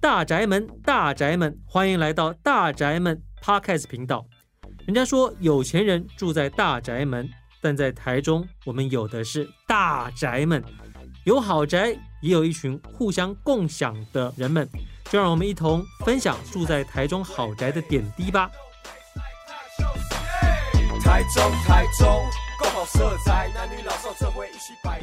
大宅門，大宅門，歡迎來到大宅門 Podcast 頻道。人家說有錢人住在大宅門，但在台中，我們有的是大宅門，有好宅，也有一群互相共享的人們。就讓我們一同分享住在台中好宅的點滴吧，台中。台中台中，好社宅男女老少，這回一起拜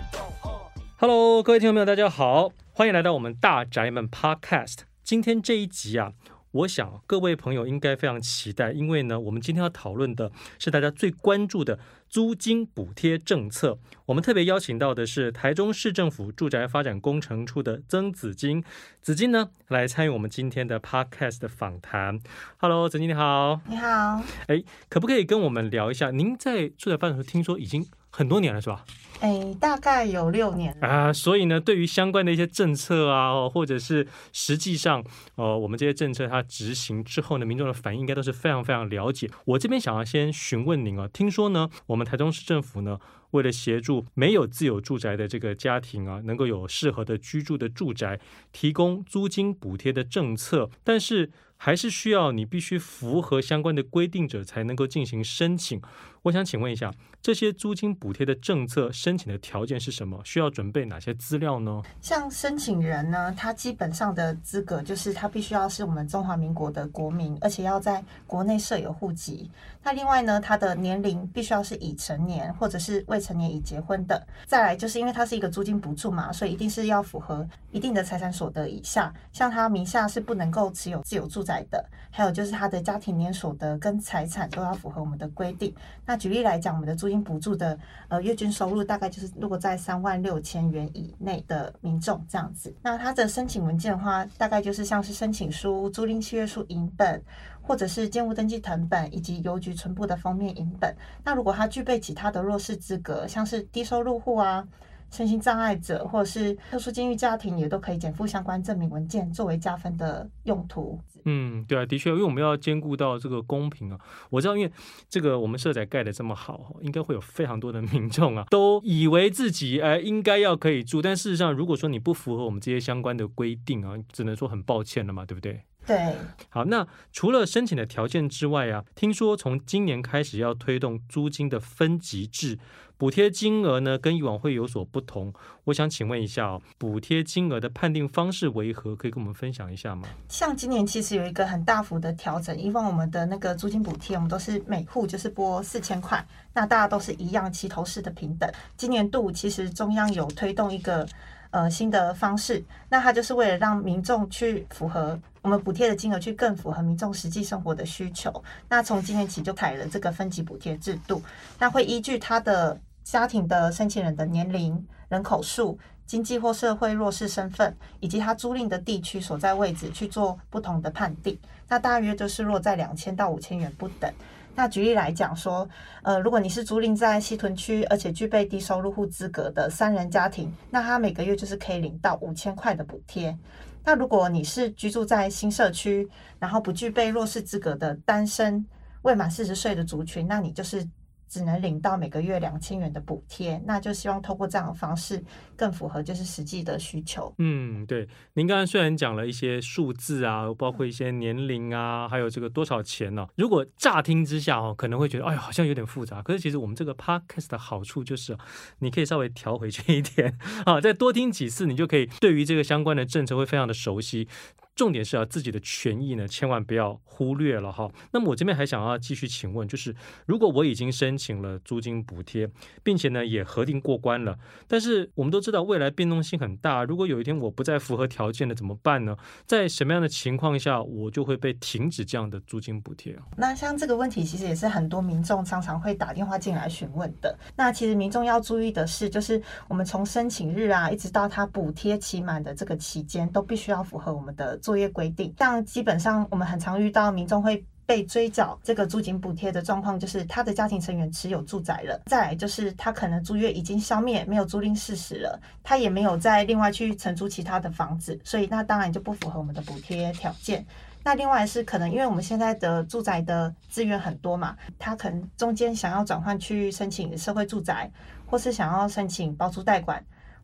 Hello，各位聽眾朋友，大家好，歡迎來到我們大宅門 Podcast。今天這一集啊，我想各位朋友應該非常期待，因為呢，我們今天要討論的是大家最關注的租金補貼政策。我們特別邀請到的是台中市政府住宅發展工程處的曾子金，子金呢來參與我們今天的 Podcast 訪談。Hello，曾金你好，你好，哎，可不可以跟我們聊一下？您在住宅發展處聽說已經？很多年了是吧？哎，大概有六年了啊、呃。所以呢，對於相關的一些政策啊，或者是實際上，呃，我們這些政策它執行之後呢，民眾的反應應該都是非常非常了解。我這邊想要先詢問您啊，聽說呢，我們台中市政府呢。為了協助沒有自有住宅的這個家庭啊，能夠有適合的居住的住宅，提供租金補貼的政策，但是還是需要你必須符合相關的規定者才能夠進行申請。我想請問一下，這些租金補貼的政策申請的條件是什麼？需要準備哪些資料呢？像申請人呢，他基本上的資格就是他必須要是我們中華民國的國民，而且要在國內設有戶籍。那另外呢，他的年齡必須要是已成年，或者是未成年已結婚的，再來就是因為它是一個租金補助嘛，所以一定是要符合一定的財產所得以下，像他名下是不能夠持有自有住宅的，還有就是他的家庭年所得跟財產都要符合我們的規定。那舉例來講，我們的租金補助的呃月均收入大概就是如果在三萬六千元以內的民眾這樣子，那他的申請文件的話，大概就是像是申請書、租賃契約書、影本。或者是建物登記謄本，以及郵局存簿的封面影本。那如果他具備其他的弱勢資格，像是低收入戶啊、身心障礙者，或者是特殊境遇家庭，也都可以檢附相關證明文件作為加分的用途。嗯，對啊，的確，因為我們要兼顧到這個公平啊。我知道，因為這個我們社宅蓋的這麼好，應該會有非常多的民眾啊，都以為自己呃應該要可以住，但事實上，如果說你不符合我們這些相關的規定啊，只能說很抱歉了嘛，對不對？對，好，那除了申請的條件之外啊，聽說從今年開始要推動租金的分級制，補貼金額呢跟以往會有所不同。我想請問一下，哦，補貼金額的判定方式為何？可以跟我們分享一下嗎？像今年其實有一個很大幅的調整，以往我們的那個租金補貼，我們都是每戶就是撥四千塊，那大家都是一樣齊頭式的平等。今年度其實中央有推動一個。呃，新的方式，那它就是為了讓民眾去符合我們補貼的金額，去更符合民眾實際生活的需求。那從今年起就改了這個分級補貼制度，那會依據他的家庭的申請人的年齡、人口數、經濟或社會弱勢身份，以及他租賃的地區所在位置去做不同的判定。那大約就是落在兩千到五千元不等。那舉例來講說，呃，如果你是租賃在西屯區，而且具備低收入戶資格的三人家庭，那他每個月就是可以領到五千塊的補貼。那如果你是居住在新社區，然後不具備弱勢資格的單身未滿四十歲的族群，那你就是，只能領到每個月兩千元的補貼，那就希望透過這樣的方式更符合就是實際的需求。嗯，對。您剛剛雖然講了一些數字啊，包括一些年齡啊，還有這個多少錢呢、啊？如果乍聽之下哦，可能會覺得哎呦好像有點複雜。可是其實我們這個 podcast 的好處就是，你可以稍微調回去一點啊，再多聽幾次，你就可以對於這個相關的政策會非常的熟悉。重點是要、啊、自己的權益呢，千萬不要忽略了哈。那麼我這邊還想要繼續請問，就是如果我已經申請了租金補貼，並且呢也核定過關了，但是我們都知道未來變動性很大，如果有一天我不再符合條件了，怎麼辦呢？在什麼樣的情況下我就會被停止這樣的租金補貼？那像這個問題，其實也是很多民眾常常會打電話進來詢問的。那其實民眾要注意的是，就是我們從申請日啊，一直到它補貼期滿的這個期間，都必須要符合我們的。作業規定，但基本上我們很常遇到民眾會被追繳這個租金補貼的狀況，就是他的家庭成員持有住宅了；再來就是他可能租約已經消滅，沒有租賃事實了，他也沒有再另外去承租其他的房子，所以那當然就不符合我們的補貼條件。那另外是可能因為我們現在的住宅的資源很多嘛，他可能中間想要轉換去申請社會住宅，或是想要申請包租代管。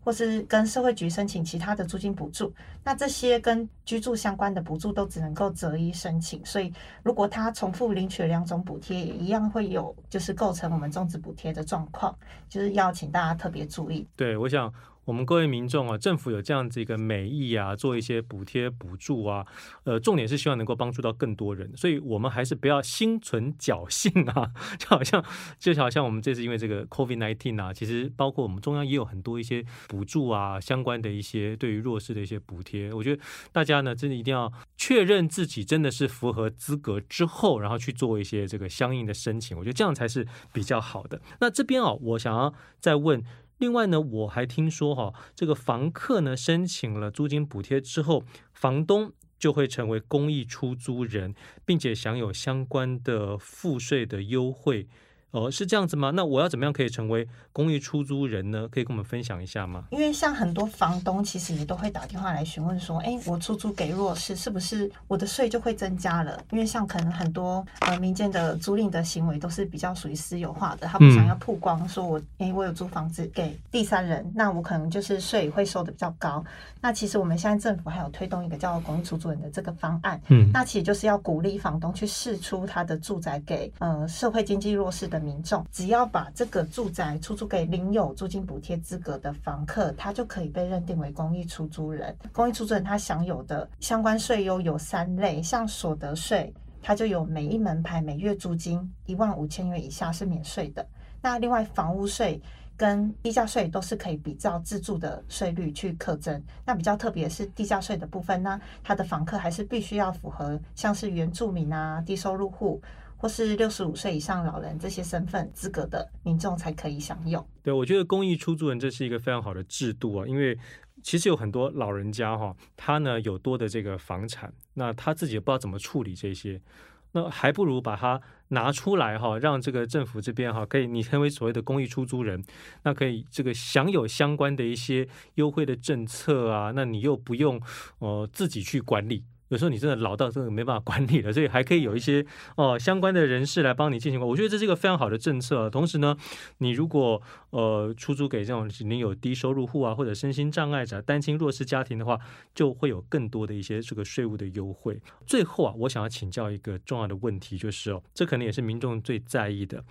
或是跟社會局申請其他的租金補助，那這些跟居住相關的補助都只能夠擇一申請，所以如果他重複領取兩種補貼，也一樣會有就是構成我們終止補貼的狀況，就是要請大家特別注意。對，我想。我們各位民眾啊，政府有這樣子一個美意啊，做一些補貼、補助啊，呃，重點是希望能夠幫助到更多人，所以我們還是不要心存僥倖啊，就好像，就好像我們這次因為這個 COVID-19 啊，其實包括我們中央也有很多一些補助啊，相關的一些對於弱勢的一些補貼，我覺得大家呢，真的一定要確認自己真的是符合資格之後，然後去做一些這個相應的申請，我覺得這樣才是比較好的。那這邊啊，我想要再問。另外呢，我還聽說哈、哦，這個房客呢申請了租金補貼之後，房東就會成為公益出租人，並且享有相關的賦稅的優惠。哦、呃，是這樣子嗎？那我要怎麼樣可以成為公益出租人呢？可以跟我們分享一下嗎？因為像很多房東其實也都會打電話來詢問說，哎、欸，我出租給弱勢是不是我的稅就會增加了？因為像可能很多呃民間的租賃的行為都是比較屬於私有化的，他不想要曝光說我，哎、欸，我有租房子給第三人，那我可能就是稅會收的比較高。那其實我們現在政府還有推動一個叫公益出租人的這個方案，嗯，那其實就是要鼓勵房東去釋出他的住宅給呃社會經濟弱勢的。民眾只要把這個住宅出租給領有租金補貼資格的房客，他就可以被認定為公益出租人。公益出租人他享有的相關稅優有有三類，像所得稅，他就有每一門牌每月租金一萬五千元以下是免稅的。那另外房屋稅跟地價稅都是可以比照自住的稅率去課徵。那比較特別的是地價稅的部分呢，它的房客還是必須要符合像是原住民啊、低收入戶。或是六十五歲以上老人這些身份資格的民眾才可以享用。對，我覺得公益出租人這是一個非常好的制度啊，因為其實有很多老人家哈、啊，他呢有多的這個房產，那他自己也不知道怎麼處理這些，那還不如把它拿出來哈、啊，讓這個政府這邊哈、啊、可以你成為所謂的公益出租人，那可以這個享有相關的一些優惠的政策啊，那你又不用呃自己去管理。有時候你真的老到真的沒辦法管理了，所以還可以有一些哦、呃、相關的人士來幫你進行。我覺得這是一個非常好的政策啊。同時呢，你如果呃出租給這種你有低收入戶啊或者身心障礙者、啊、單親弱勢家庭的話，就會有更多的一些這個稅務的優惠。最後啊，我想要請教一個重要的問題，就是哦，這可能也是民眾最在意的。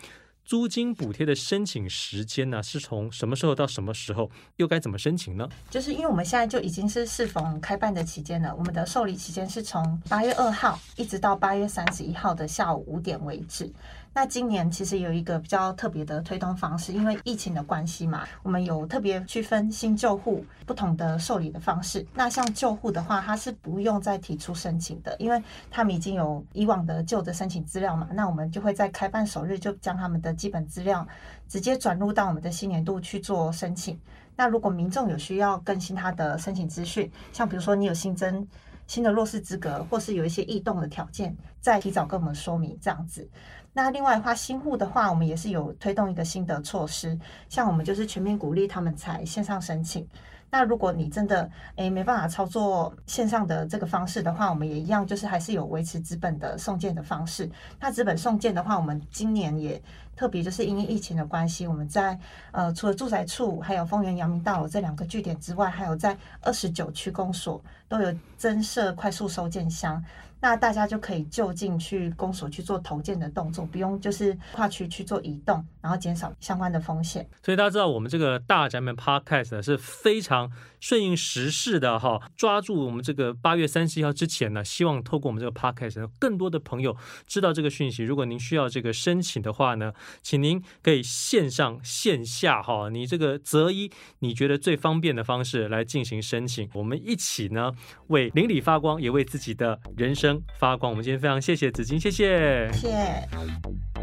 租金補貼的申請時間呢、啊？是從什麼時候到什麼時候？又該怎麼申請呢？就是因為我們現在就已經是適逢開辦的期間了。我們的受理期間是從八月二號一直到八月三十一號的下午五點為止。那今年其實有一個比較特別的推動方式，因為疫情的關係嘛，我們有特別區分新舊戶不同的受理的方式。那像舊戶的話，他是不用再提出申請的，因為他們已經有以往的舊的申請資料嘛。那我們就會在開辦首日就將他們的基本資料直接轉入到我們的新年度去做申請。那如果民眾有需要更新他的申請資訊，像比如說你有新增。新的弱勢資格，或是有一些異動的條件，再提早跟我們說明這樣子。那另外的話，新戶的話，我們也是有推動一個新的措施，像我們就是全面鼓勵他們採線上申請。那如果你真的誒、欸、沒辦法操作線上的這個方式的話，我們也一樣就是還是有維持紙本的送件的方式。那紙本送件的話，我們今年也。特別就是因為疫情的關係，我們在呃除了住宅處，還有豐原、陽明大樓這兩個據點之外，還有在二十九區公所都有增設快速收件箱。那大家就可以就近去公所去做投件的動作，不用就是跨區去做移動，然後減少相關的風險。所以大家知道我們這個大宅門 podcast 是非常順應時事的哈、哦，抓住我們這個八月三十一號之前呢，希望透過我們這個 podcast 更多的朋友知道這個訊息。如果您需要這個申請的話呢？請您可以線上線下哈，你這個擇一你覺得最方便的方式來進行申請，我們一起呢為鄰里發光，也為自己的人生發光。我們今天非常謝謝紫金，謝謝，謝謝。